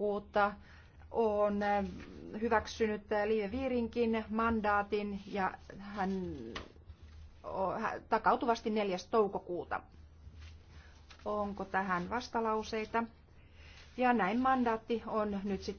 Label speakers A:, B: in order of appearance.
A: tehokkuutta, on hyväksynyt Liive Viirinkin mandaatin ja hän takautuvasti 4. toukokuuta. Onko tähän vastalauseita? Ja näin mandaatti
B: on nyt sitten